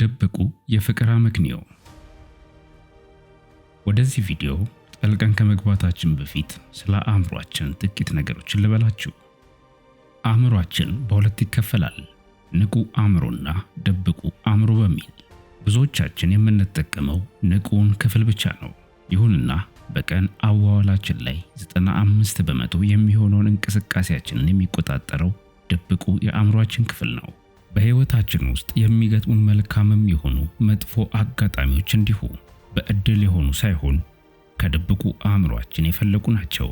ደብቁ የፍቅር አመክንዮ። ወደዚህ ቪዲዮ ጠልቀን ከመግባታችን በፊት ስለ አእምሯችን ጥቂት ነገሮችን ልበላችሁ። አእምሯችን በሁለት ይከፈላል፣ ንቁ አእምሮና ደብቁ አእምሮ በሚል ብዙዎቻችን የምንጠቀመው ንቁን ክፍል ብቻ ነው። ይሁንና በቀን አዋዋላችን ላይ 95 በመቶ የሚሆነውን እንቅስቃሴያችንን የሚቆጣጠረው ደብቁ የአእምሯችን ክፍል ነው። በህይወታችን ውስጥ የሚገጥሙን መልካምም የሆኑ መጥፎ አጋጣሚዎች እንዲሁ በእድል የሆኑ ሳይሆን ከድብቁ አእምሯችን የፈለቁ ናቸው።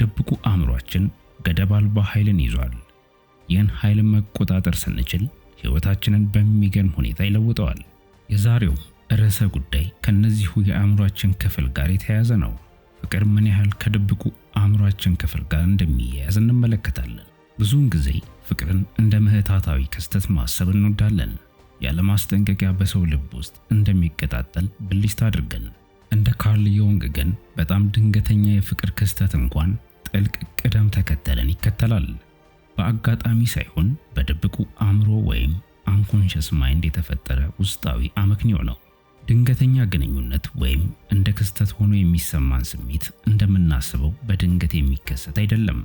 ድብቁ አእምሯችን ገደብ አልባ ኃይልን ይዟል። ይህን ኃይል መቆጣጠር ስንችል ህይወታችንን በሚገርም ሁኔታ ይለውጠዋል። የዛሬው ርዕሰ ጉዳይ ከነዚሁ የአእምሯችን ክፍል ጋር የተያያዘ ነው። ፍቅር ምን ያህል ከድብቁ አእምሯችን ክፍል ጋር እንደሚያያዝ እንመለከታለን። ብዙውን ጊዜ ፍቅርን እንደ ምህታታዊ ክስተት ማሰብ እንወዳለን። ያለማስጠንቀቂያ በሰው ልብ ውስጥ እንደሚቀጣጠል ብልሽት አድርገን። እንደ ካርል ዮንግ ግን በጣም ድንገተኛ የፍቅር ክስተት እንኳን ጥልቅ ቅደም ተከተልን ይከተላል። በአጋጣሚ ሳይሆን በድብቁ አእምሮ ወይም አንኮንሸስ ማይንድ የተፈጠረ ውስጣዊ አመክንዮ ነው። ድንገተኛ ግንኙነት ወይም እንደ ክስተት ሆኖ የሚሰማን ስሜት እንደምናስበው በድንገት የሚከሰት አይደለም።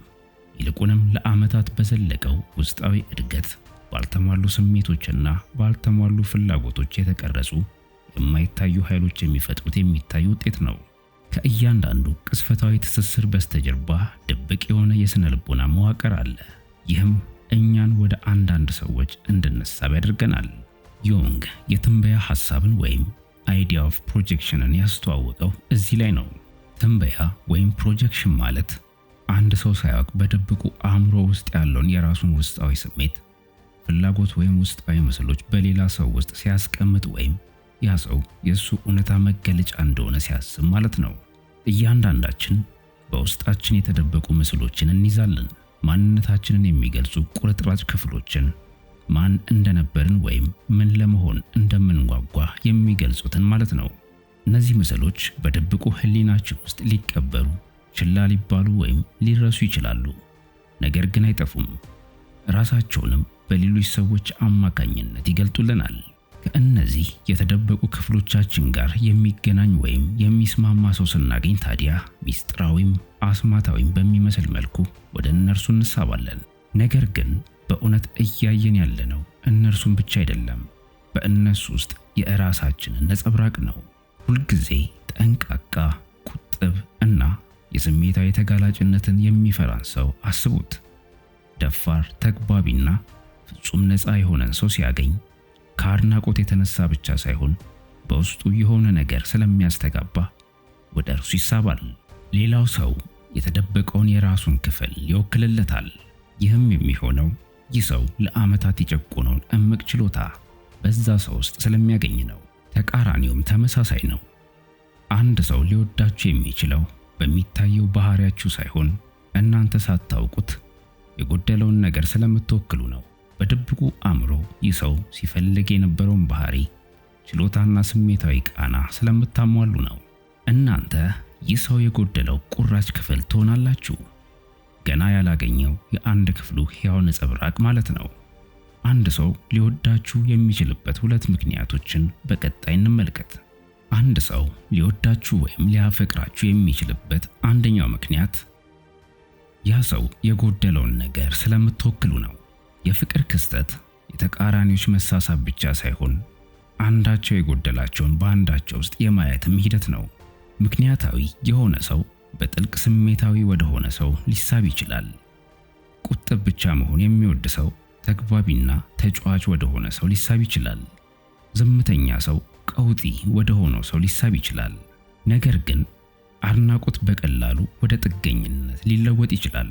ይልቁንም ለዓመታት በዘለቀው ውስጣዊ እድገት ባልተሟሉ ስሜቶችና ባልተሟሉ ፍላጎቶች የተቀረጹ የማይታዩ ኃይሎች የሚፈጥሩት የሚታይ ውጤት ነው። ከእያንዳንዱ ቅስፈታዊ ትስስር በስተጀርባ ድብቅ የሆነ የሥነ ልቦና መዋቅር አለ። ይህም እኛን ወደ አንዳንድ ሰዎች እንድንሳብ ያደርገናል። ዮንግ የትንበያ ሐሳብን ወይም አይዲያ ኦፍ ፕሮጀክሽንን ያስተዋወቀው እዚህ ላይ ነው። ትንበያ ወይም ፕሮጀክሽን ማለት አንድ ሰው ሳያውቅ በድብቁ አእምሮ ውስጥ ያለውን የራሱን ውስጣዊ ስሜት፣ ፍላጎት ወይም ውስጣዊ ምስሎች በሌላ ሰው ውስጥ ሲያስቀምጥ ወይም ያ ሰው የእሱ እውነታ መገለጫ እንደሆነ ሲያስብ ማለት ነው። እያንዳንዳችን በውስጣችን የተደበቁ ምስሎችን እንይዛለን። ማንነታችንን የሚገልጹ ቁርጥራጭ ክፍሎችን፣ ማን እንደነበርን ወይም ምን ለመሆን እንደምንጓጓ የሚገልጹትን ማለት ነው። እነዚህ ምስሎች በድብቁ ህሊናችን ውስጥ ሊቀበሩ ችላ ሊባሉ ወይም ሊረሱ ይችላሉ፣ ነገር ግን አይጠፉም። ራሳቸውንም በሌሎች ሰዎች አማካኝነት ይገልጡልናል። ከእነዚህ የተደበቁ ክፍሎቻችን ጋር የሚገናኝ ወይም የሚስማማ ሰው ስናገኝ ታዲያ ሚስጥራዊም አስማታዊም በሚመስል መልኩ ወደ እነርሱ እንሳባለን። ነገር ግን በእውነት እያየን ያለነው እነርሱን ብቻ አይደለም፣ በእነሱ ውስጥ የራሳችንን ነጸብራቅ ነው። ሁልጊዜ ጠንቃቃ፣ ቁጥብ እና የስሜታዊ ተጋላጭነትን የሚፈራን ሰው አስቡት። ደፋር ተግባቢና ፍጹም ነፃ የሆነን ሰው ሲያገኝ ከአድናቆት የተነሳ ብቻ ሳይሆን በውስጡ የሆነ ነገር ስለሚያስተጋባ ወደ እርሱ ይሳባል። ሌላው ሰው የተደበቀውን የራሱን ክፍል ይወክልለታል። ይህም የሚሆነው ይህ ሰው ለዓመታት የጨቆነውን እምቅ ችሎታ በዛ ሰው ውስጥ ስለሚያገኝ ነው። ተቃራኒውም ተመሳሳይ ነው። አንድ ሰው ሊወዳችሁ የሚችለው በሚታየው ባህሪያችሁ ሳይሆን እናንተ ሳታውቁት የጎደለውን ነገር ስለምትወክሉ ነው። በድብቁ አእምሮ ይህ ሰው ሲፈልግ የነበረውን ባህሪ፣ ችሎታና ስሜታዊ ቃና ስለምታሟሉ ነው። እናንተ ይህ ሰው የጎደለው ቁራጭ ክፍል ትሆናላችሁ። ገና ያላገኘው የአንድ ክፍሉ ሕያው ነጸብራቅ ማለት ነው። አንድ ሰው ሊወዳችሁ የሚችልበት ሁለት ምክንያቶችን በቀጣይ እንመልከት። አንድ ሰው ሊወዳችሁ ወይም ሊያፈቅራችሁ የሚችልበት አንደኛው ምክንያት ያ ሰው የጎደለውን ነገር ስለምትወክሉ ነው። የፍቅር ክስተት የተቃራኒዎች መሳሳብ ብቻ ሳይሆን አንዳቸው የጎደላቸውን በአንዳቸው ውስጥ የማየትም ሂደት ነው። ምክንያታዊ የሆነ ሰው በጥልቅ ስሜታዊ ወደሆነ ሰው ሊሳብ ይችላል። ቁጥብ ብቻ መሆን የሚወድ ሰው ተግባቢና ተጫዋች ወደሆነ ሰው ሊሳብ ይችላል። ዝምተኛ ሰው ቀውጢ ወደ ሆነው ሰው ሊሳብ ይችላል። ነገር ግን አድናቆት በቀላሉ ወደ ጥገኝነት ሊለወጥ ይችላል።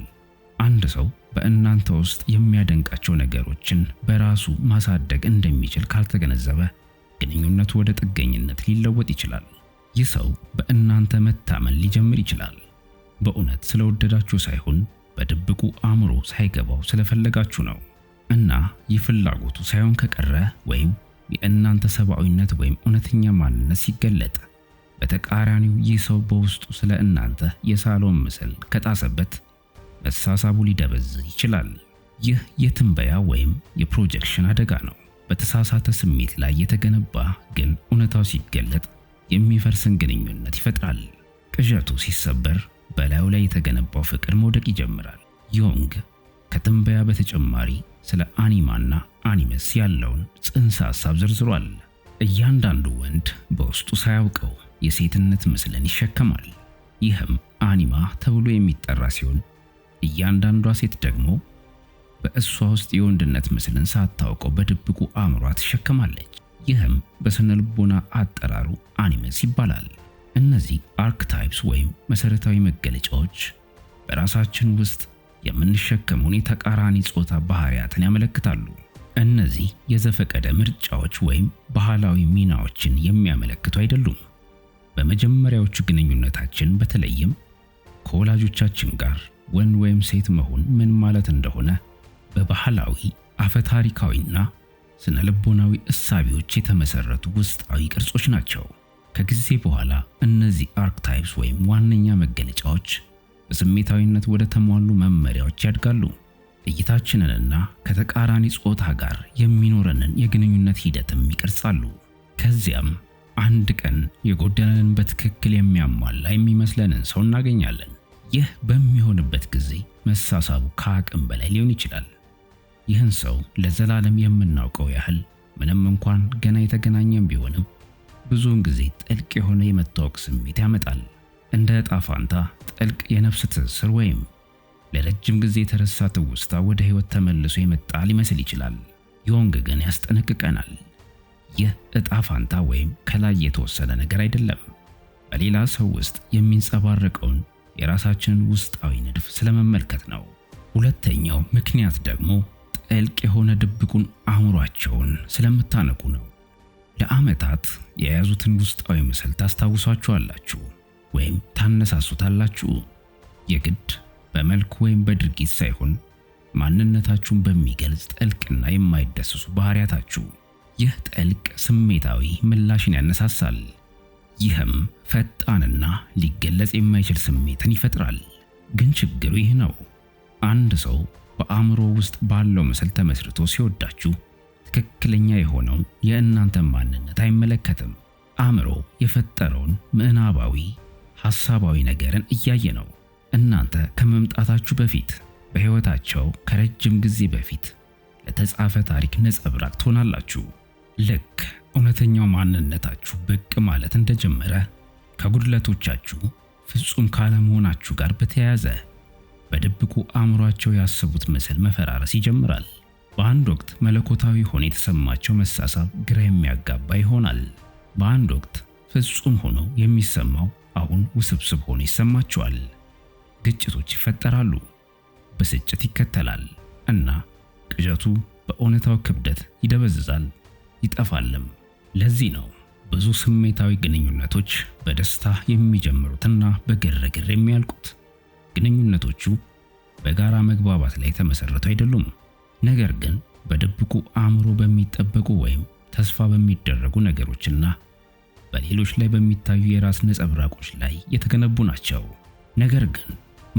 አንድ ሰው በእናንተ ውስጥ የሚያደንቃቸው ነገሮችን በራሱ ማሳደግ እንደሚችል ካልተገነዘበ ግንኙነቱ ወደ ጥገኝነት ሊለወጥ ይችላል። ይህ ሰው በእናንተ መታመን ሊጀምር ይችላል። በእውነት ስለወደዳችሁ ሳይሆን በድብቁ አእምሮ ሳይገባው ስለፈለጋችሁ ነው እና ይህ ፍላጎቱ ሳይሆን ከቀረ ወይም የእናንተ ሰብአዊነት ወይም እውነተኛ ማንነት ሲገለጥ፣ በተቃራኒው ይህ ሰው በውስጡ ስለ እናንተ የሳሎን ምስል ከጣሰበት መሳሳቡ ሊደበዝ ይችላል። ይህ የትንበያ ወይም የፕሮጀክሽን አደጋ ነው። በተሳሳተ ስሜት ላይ የተገነባ ግን እውነታው ሲገለጥ የሚፈርስን ግንኙነት ይፈጥራል። ቅዠቱ ሲሰበር በላዩ ላይ የተገነባው ፍቅር መውደቅ ይጀምራል። ዮንግ ከትንበያ በተጨማሪ ስለ አኒማና አኒመስ ያለውን ጽንሰ ሐሳብ ዘርዝሯል። እያንዳንዱ ወንድ በውስጡ ሳያውቀው የሴትነት ምስልን ይሸከማል። ይህም አኒማ ተብሎ የሚጠራ ሲሆን እያንዳንዷ ሴት ደግሞ በእሷ ውስጥ የወንድነት ምስልን ሳታውቀው በድብቁ አእምሯ ትሸከማለች። ይህም በስነ ልቦና አጠራሩ አኒመስ ይባላል። እነዚህ አርክታይፕስ ወይም መሠረታዊ መገለጫዎች በራሳችን ውስጥ የምንሸከመውን የተቃራኒ ጾታ ባህሪያትን ያመለክታሉ። እነዚህ የዘፈቀደ ምርጫዎች ወይም ባህላዊ ሚናዎችን የሚያመለክቱ አይደሉም። በመጀመሪያዎቹ ግንኙነታችን በተለይም ከወላጆቻችን ጋር ወንድ ወይም ሴት መሆን ምን ማለት እንደሆነ በባህላዊ አፈታሪካዊና ስነ ልቦናዊ እሳቢዎች የተመሰረቱ ውስጣዊ ቅርጾች ናቸው። ከጊዜ በኋላ እነዚህ አርክታይፕስ ወይም ዋነኛ መገለጫዎች በስሜታዊነት ወደ ተሟሉ መመሪያዎች ያድጋሉ። እይታችንንና ከተቃራኒ ጾታ ጋር የሚኖረንን የግንኙነት ሂደትም ይቀርጻሉ። ከዚያም አንድ ቀን የጎደለንን በትክክል የሚያሟላ የሚመስለንን ሰው እናገኛለን። ይህ በሚሆንበት ጊዜ መሳሳቡ ከአቅም በላይ ሊሆን ይችላል። ይህን ሰው ለዘላለም የምናውቀው ያህል ምንም እንኳን ገና የተገናኘን ቢሆንም ብዙውን ጊዜ ጥልቅ የሆነ የመታወቅ ስሜት ያመጣል። እንደ ዕጣ ፋንታ ጥልቅ የነፍስ ትስስር ወይም ለረጅም ጊዜ የተረሳ ትውስታ ወደ ህይወት ተመልሶ የመጣ ሊመስል ይችላል። ዮንግ ግን ያስጠነቅቀናል። ይህ እጣ ፋንታ ወይም ከላይ የተወሰነ ነገር አይደለም። በሌላ ሰው ውስጥ የሚንጸባረቀውን የራሳችንን ውስጣዊ ንድፍ ስለመመልከት ነው። ሁለተኛው ምክንያት ደግሞ ጥልቅ የሆነ ድብቁን አእምሯቸውን ስለምታነቁ ነው። ለዓመታት የያዙትን ውስጣዊ ምስል ታስታውሷችኋላችሁ ወይም ታነሳሱታላችሁ የግድ በመልኩ ወይም በድርጊት ሳይሆን ማንነታችሁን በሚገልጽ ጥልቅና የማይደሰሱ ባህሪያታችሁ። ይህ ጥልቅ ስሜታዊ ምላሽን ያነሳሳል። ይህም ፈጣንና ሊገለጽ የማይችል ስሜትን ይፈጥራል። ግን ችግሩ ይህ ነው። አንድ ሰው በአእምሮ ውስጥ ባለው ምስል ተመስርቶ ሲወዳችሁ ትክክለኛ የሆነው የእናንተን ማንነት አይመለከትም። አእምሮ የፈጠረውን ምዕናባዊ ሐሳባዊ ነገርን እያየ ነው። እናንተ ከመምጣታችሁ በፊት በሕይወታቸው ከረጅም ጊዜ በፊት ለተጻፈ ታሪክ ነጸብራቅ ትሆናላችሁ። ልክ እውነተኛው ማንነታችሁ ብቅ ማለት እንደጀመረ ከጉድለቶቻችሁ ፍጹም ካለመሆናችሁ ጋር በተያያዘ በድብቁ አእምሯቸው ያሰቡት ምስል መፈራረስ ይጀምራል። በአንድ ወቅት መለኮታዊ ሆኖ የተሰማቸው መሳሳብ ግራ የሚያጋባ ይሆናል። በአንድ ወቅት ፍጹም ሆኖ የሚሰማው አሁን ውስብስብ ሆኖ ይሰማቸዋል። ግጭቶች ይፈጠራሉ፣ ብስጭት ይከተላል እና ቅዠቱ በእውነታው ክብደት ይደበዝዛል ይጠፋልም። ለዚህ ነው ብዙ ስሜታዊ ግንኙነቶች በደስታ የሚጀምሩትና በግርግር የሚያልቁት። ግንኙነቶቹ በጋራ መግባባት ላይ ተመሰረቱ አይደሉም፣ ነገር ግን በድብቁ አእምሮ በሚጠበቁ ወይም ተስፋ በሚደረጉ ነገሮችና በሌሎች ላይ በሚታዩ የራስ ነጸብራቆች ላይ የተገነቡ ናቸው። ነገር ግን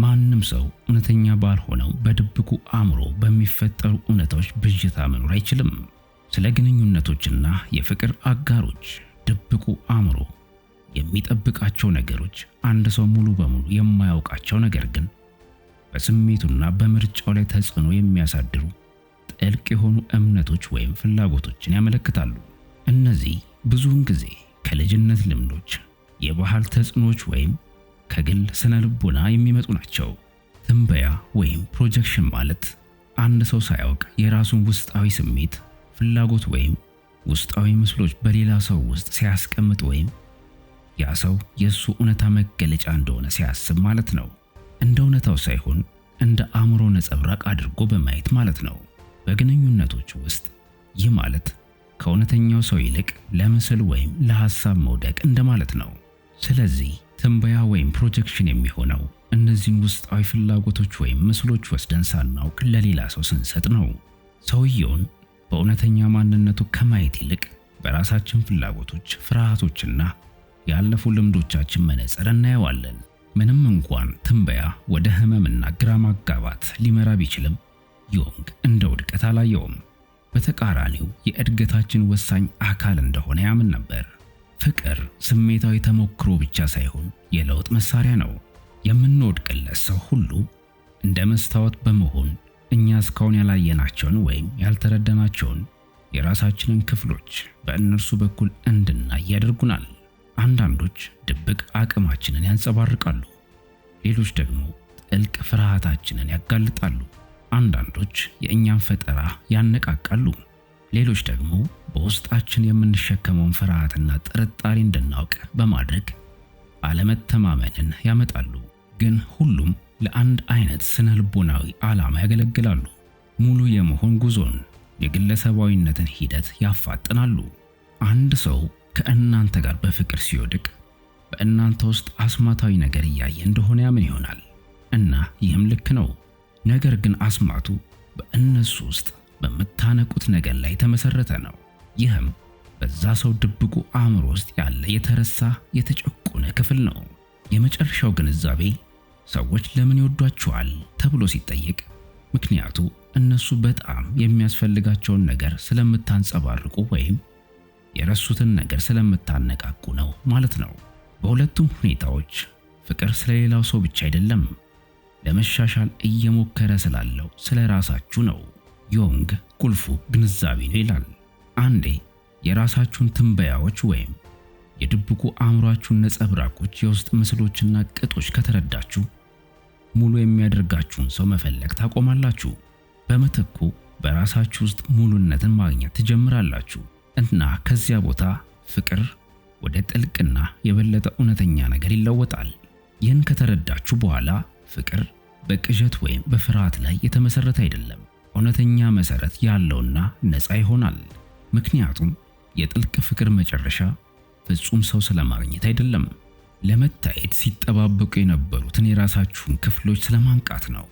ማንም ሰው እውነተኛ ባልሆነው በድብቁ አእምሮ በሚፈጠሩ እውነታዎች ብዥታ መኖር አይችልም። ስለ ግንኙነቶችና የፍቅር አጋሮች ድብቁ አእምሮ የሚጠብቃቸው ነገሮች አንድ ሰው ሙሉ በሙሉ የማያውቃቸው ነገር ግን በስሜቱና በምርጫው ላይ ተጽዕኖ የሚያሳድሩ ጥልቅ የሆኑ እምነቶች ወይም ፍላጎቶችን ያመለክታሉ። እነዚህ ብዙውን ጊዜ ከልጅነት ልምዶች፣ የባህል ተጽዕኖዎች ወይም ከግል ስነ ልቦና የሚመጡ ናቸው። ትንበያ ወይም ፕሮጀክሽን ማለት አንድ ሰው ሳያውቅ የራሱን ውስጣዊ ስሜት፣ ፍላጎት ወይም ውስጣዊ ምስሎች በሌላ ሰው ውስጥ ሲያስቀምጥ ወይም ያ ሰው የእሱ እውነታ መገለጫ እንደሆነ ሲያስብ ማለት ነው። እንደ እውነታው ሳይሆን እንደ አእምሮ ነጸብራቅ አድርጎ በማየት ማለት ነው። በግንኙነቶች ውስጥ ይህ ማለት ከእውነተኛው ሰው ይልቅ ለምስል ወይም ለሐሳብ መውደቅ እንደማለት ነው። ስለዚህ ትንበያ ወይም ፕሮጀክሽን የሚሆነው እነዚህን ውስጣዊ ፍላጎቶች ወይም ምስሎች ወስደን ሳናውቅ ለሌላ ሰው ስንሰጥ ነው። ሰውየውን በእውነተኛ ማንነቱ ከማየት ይልቅ በራሳችን ፍላጎቶች፣ ፍርሃቶችና ያለፉ ልምዶቻችን መነጽር እናየዋለን። ምንም እንኳን ትንበያ ወደ ህመምና ግራ ማጋባት ሊመራ ቢችልም ዮንግ እንደ ውድቀት አላየውም። በተቃራኒው የእድገታችን ወሳኝ አካል እንደሆነ ያምን ነበር። ፍቅር ስሜታዊ ተሞክሮ ብቻ ሳይሆን የለውጥ መሳሪያ ነው። የምንወድቅለት ሰው ሁሉ እንደ መስታወት በመሆን እኛ እስካሁን ያላየናቸውን ወይም ያልተረዳናቸውን የራሳችንን ክፍሎች በእነርሱ በኩል እንድናይ ያደርጉናል። አንዳንዶች ድብቅ አቅማችንን ያንጸባርቃሉ፣ ሌሎች ደግሞ ጥልቅ ፍርሃታችንን ያጋልጣሉ። አንዳንዶች የእኛን ፈጠራ ያነቃቃሉ። ሌሎች ደግሞ በውስጣችን የምንሸከመውን ፍርሃትና ጥርጣሬ እንድናውቅ በማድረግ አለመተማመንን ያመጣሉ። ግን ሁሉም ለአንድ አይነት ስነ ልቦናዊ ዓላማ ያገለግላሉ። ሙሉ የመሆን ጉዞን፣ የግለሰባዊነትን ሂደት ያፋጥናሉ። አንድ ሰው ከእናንተ ጋር በፍቅር ሲወድቅ በእናንተ ውስጥ አስማታዊ ነገር እያየ እንደሆነ ያምን ይሆናል እና ይህም ልክ ነው። ነገር ግን አስማቱ በእነሱ ውስጥ በምታነቁት ነገር ላይ የተመሰረተ ነው። ይህም በዛ ሰው ድብቁ አእምሮ ውስጥ ያለ የተረሳ የተጨቆነ ክፍል ነው። የመጨረሻው ግንዛቤ ሰዎች ለምን ይወዷቸዋል ተብሎ ሲጠየቅ ምክንያቱ እነሱ በጣም የሚያስፈልጋቸውን ነገር ስለምታንጸባርቁ ወይም የረሱትን ነገር ስለምታነቃቁ ነው ማለት ነው። በሁለቱም ሁኔታዎች ፍቅር ስለሌላው ሰው ብቻ አይደለም፣ ለመሻሻል እየሞከረ ስላለው ስለ ራሳችሁ ነው። ዮንግ ቁልፉ ግንዛቤ ነው ይላል። አንዴ የራሳችሁን ትንበያዎች ወይም የድብቁ አእምሯችሁን ነጸብራቆች፣ የውስጥ ምስሎችና ቅጦች ከተረዳችሁ ሙሉ የሚያደርጋችሁን ሰው መፈለግ ታቆማላችሁ። በምትኩ በራሳችሁ ውስጥ ሙሉነትን ማግኘት ትጀምራላችሁ እና ከዚያ ቦታ ፍቅር ወደ ጥልቅና የበለጠ እውነተኛ ነገር ይለወጣል። ይህን ከተረዳችሁ በኋላ ፍቅር በቅዠት ወይም በፍርሃት ላይ የተመሰረተ አይደለም። እውነተኛ መሰረት ያለውና ነፃ ይሆናል። ምክንያቱም የጥልቅ ፍቅር መጨረሻ ፍጹም ሰው ስለማግኘት አይደለም፣ ለመታየት ሲጠባበቁ የነበሩትን የራሳችሁን ክፍሎች ስለማንቃት ነው።